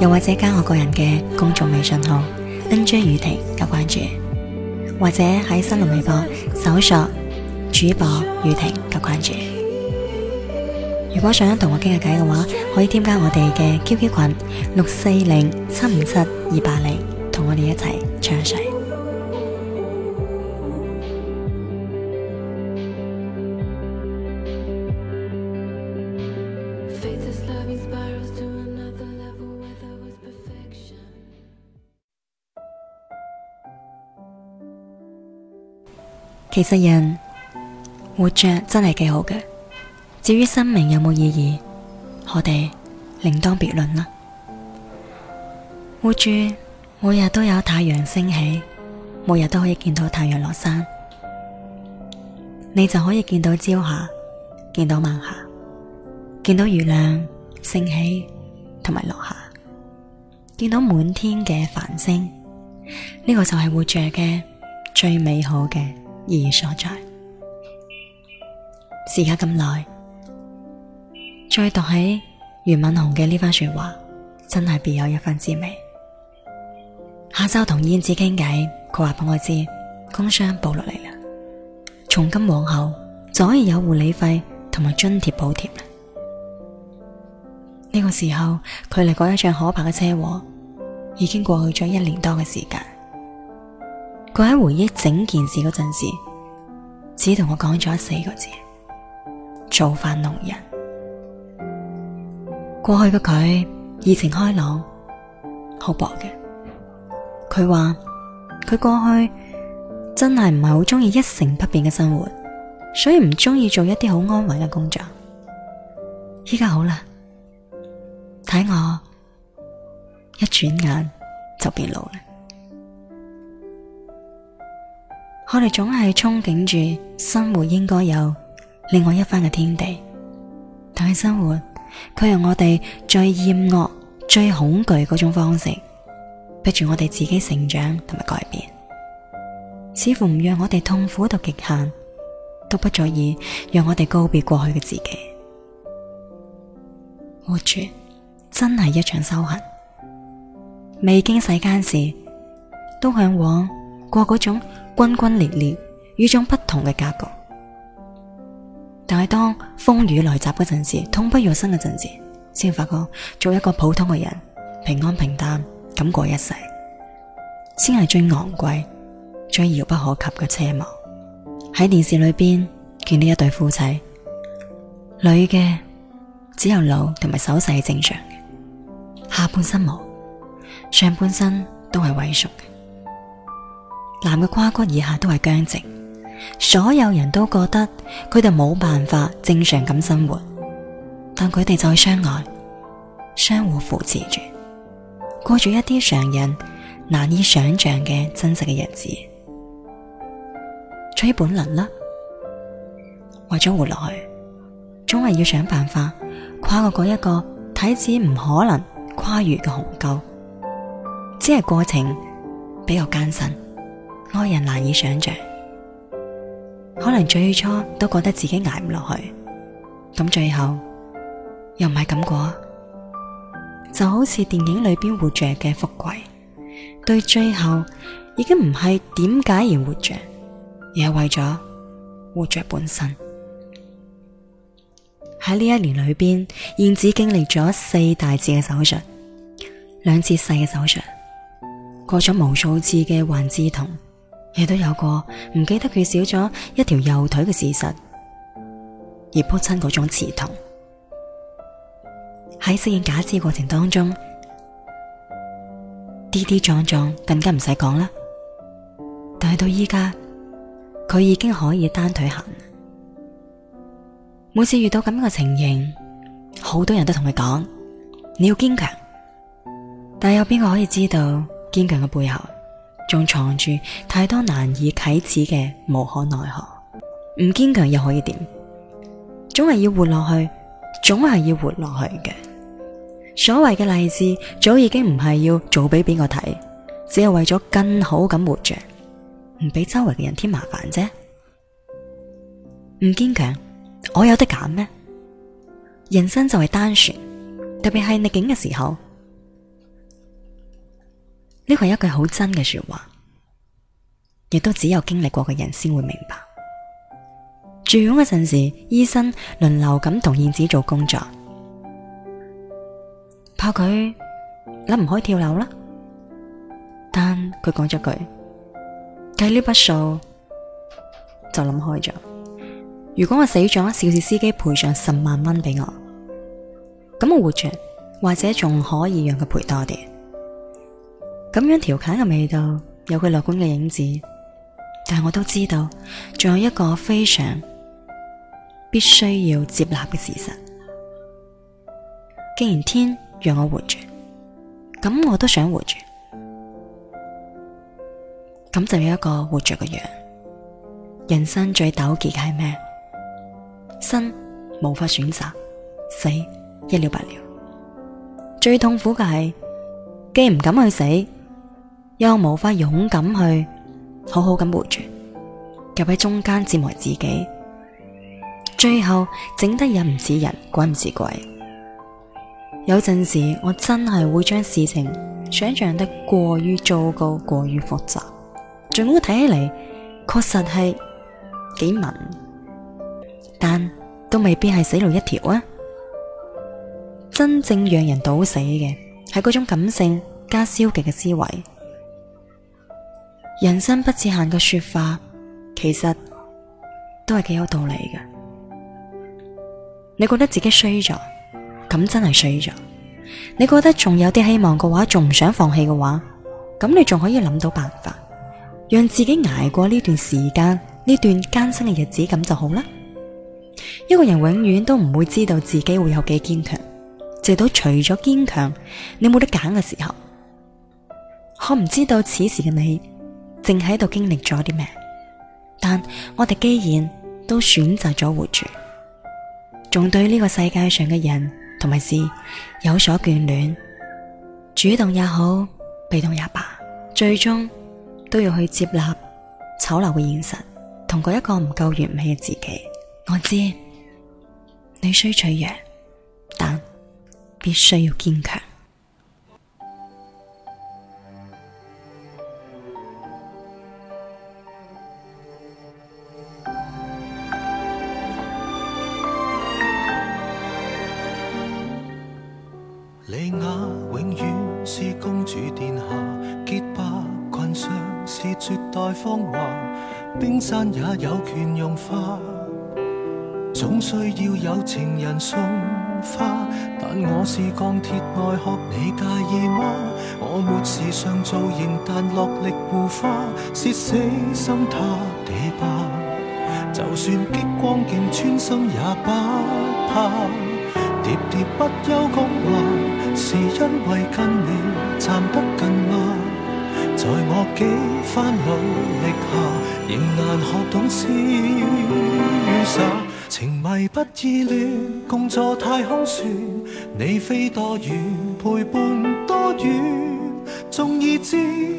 又或者加我個人嘅公眾微信號 nj 雨婷加關注，或者喺新浪微博搜索主播雨婷加關注。如果想同我傾下偈嘅話，可以添加我哋嘅 QQ 群六四零七五七二八零，同我哋一齊暢敘。其實人活着真係幾好嘅，至於生命有冇意義，我哋另當別論啦。活住，每日都有太陽升起，每日都可以見到太陽落山，你就可以見到朝霞，見到晚霞，見到月亮升起同埋落下，見到滿天嘅繁星，呢個就係活着嘅最美好嘅。意義所在。時隔咁耐，再讀起余敏雄嘅呢番說話，真係別有一番滋味。下周同燕子傾偈，佢話俾我知，工傷報落嚟啦。從今往後，就可以有護理費同埋津貼補貼啦。呢、這個時候，距離嗰一場可怕嘅車禍已經過去咗一年多嘅時間。佢喺回憶整件事嗰陣時，只同我講咗四個字：造化弄人。過去嘅佢熱情開朗，好薄嘅。佢話佢過去真係唔係好中意一成不變嘅生活，所以唔中意做一啲好安穩嘅工作。依家好啦，睇我一轉眼就變老啦。我哋總係憧憬住生活應該有另外一番嘅天地，但係生活佢用我哋最厭惡、最恐懼嗰種方式逼住我哋自己成長同埋改變，似乎唔讓我哋痛苦到極限都不足以讓我哋告別過去嘅自己，活住真係一場修行。未經世間事，都向往過嗰種。轟轟烈烈，與眾不同嘅格局。但係當風雨來襲嗰陣時，痛不欲生嗰陣時，先發覺做一個普通嘅人，平安平淡咁過一世，先係最昂貴、最遙不可及嘅奢望。喺電視裏邊見到一對夫妻，女嘅只有腦同埋手勢係正常嘅，下半身冇，上半身都係萎縮嘅。男嘅胯骨以下都係僵直，所有人都覺得佢哋冇辦法正常咁生活，但佢哋就去相愛，相互扶持住，過住一啲常人難以想象嘅真實嘅日子。出於本能啦，為咗活落去，總係要想辦法跨過嗰一個睇似唔可能跨越嘅鴻溝，只係過程比較艱辛。愛人難以想象，可能最初都覺得自己捱唔落去，咁最後又唔係咁過，就好似電影裏邊活着嘅福貴，對最後已經唔係點解而活着，而係為咗活着本身。喺呢一年裏邊，燕子經歷咗四大字嘅手術，兩次細嘅手術，過咗無數次嘅幻肢痛。亦都有過唔記得佢少咗一條右腿嘅事實，而撲親嗰種刺痛。喺適應假肢過程當中，跌跌撞撞更加唔使講啦。但係到依家，佢已經可以單腿行。每次遇到咁樣嘅情形，好多人都同佢講，你要堅強，但有邊個可以知道堅強嘅背後？仲藏住太多難以啟齒嘅無可奈何，唔堅強又可以點？總係要活落去，總係要活落去嘅。所謂嘅勵志早已經唔係要做俾邊個睇，只係為咗更好咁活着，唔俾周圍嘅人添麻煩啫。唔堅強，我有得揀咩？人生就係單純，特別係逆境嘅時候。呢係一句好真嘅說話，亦都只有經歷過嘅人先會明白。住院嗰陣時，醫生輪流咁同燕子做工作，怕佢諗唔開跳樓啦。但佢講咗句：計呢筆數就諗開咗。如果我死咗，肇事司機賠償十萬蚊俾我，咁我活著，或者仲可以讓佢賠多啲。咁樣調侃嘅味道，有佢樂觀嘅影子，但係我都知道，仲有一個非常必須要接納嘅事實。既然天讓我活住，咁我都想活住，咁就有一個活着嘅樣。人生最糾結嘅係咩？生無法選擇，死一了百了，最痛苦嘅係既然唔敢去死，又無法勇敢去好好咁活住，夾喺中間折磨自己，最後整得人唔似人，鬼唔似鬼。有陣時我真係會將事情想象得過於糟糕，過於複雜，盡管睇起嚟確實係幾文，但都未必係死路一條啊！真正讓人倒死嘅係嗰種感性加消極嘅思維。人生不自限嘅說法，其實都係幾有道理嘅。你覺得自己衰咗，咁真係衰咗；你覺得仲有啲希望嘅話，仲唔想放棄嘅話，咁你仲可以諗到辦法，讓自己挨過呢段時間、呢段艱辛嘅日子，咁就好啦。一個人永遠都唔會知道自己會有幾堅強，直到除咗堅強，你冇得揀嘅時候，我唔知道此時嘅你，正喺度經歷咗啲咩？但我哋既然都選擇咗活住，仲對呢個世界上嘅人同埋事有所眷戀，主動也好，被動也罷，最終都要去接納醜陋嘅現實，同過一個唔夠完美嘅自己。我知你雖脆弱，但必須要堅強。冰山也有權融化，總需要有情人送花。但我是鋼鐵愛學鋼鐵外殼，你介意嗎？我沒時尚造型，但落力護花，是死心塌地吧？就算激光劍穿心也不怕，喋喋不休講話，是因為跟你站得近嗎？在我幾番努力下。仍難學懂瀟灑，情迷不意亂，工作太空船，你飛多遠，陪伴多遠，終已知，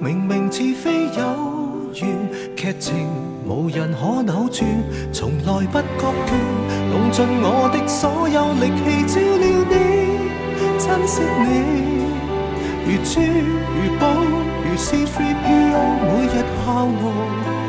明明似非有緣，劇情無人可扭轉，從來不覺倦，用盡我的所有力氣照料你，珍惜你，如珠如寶，如是 C3PO，每日犒我。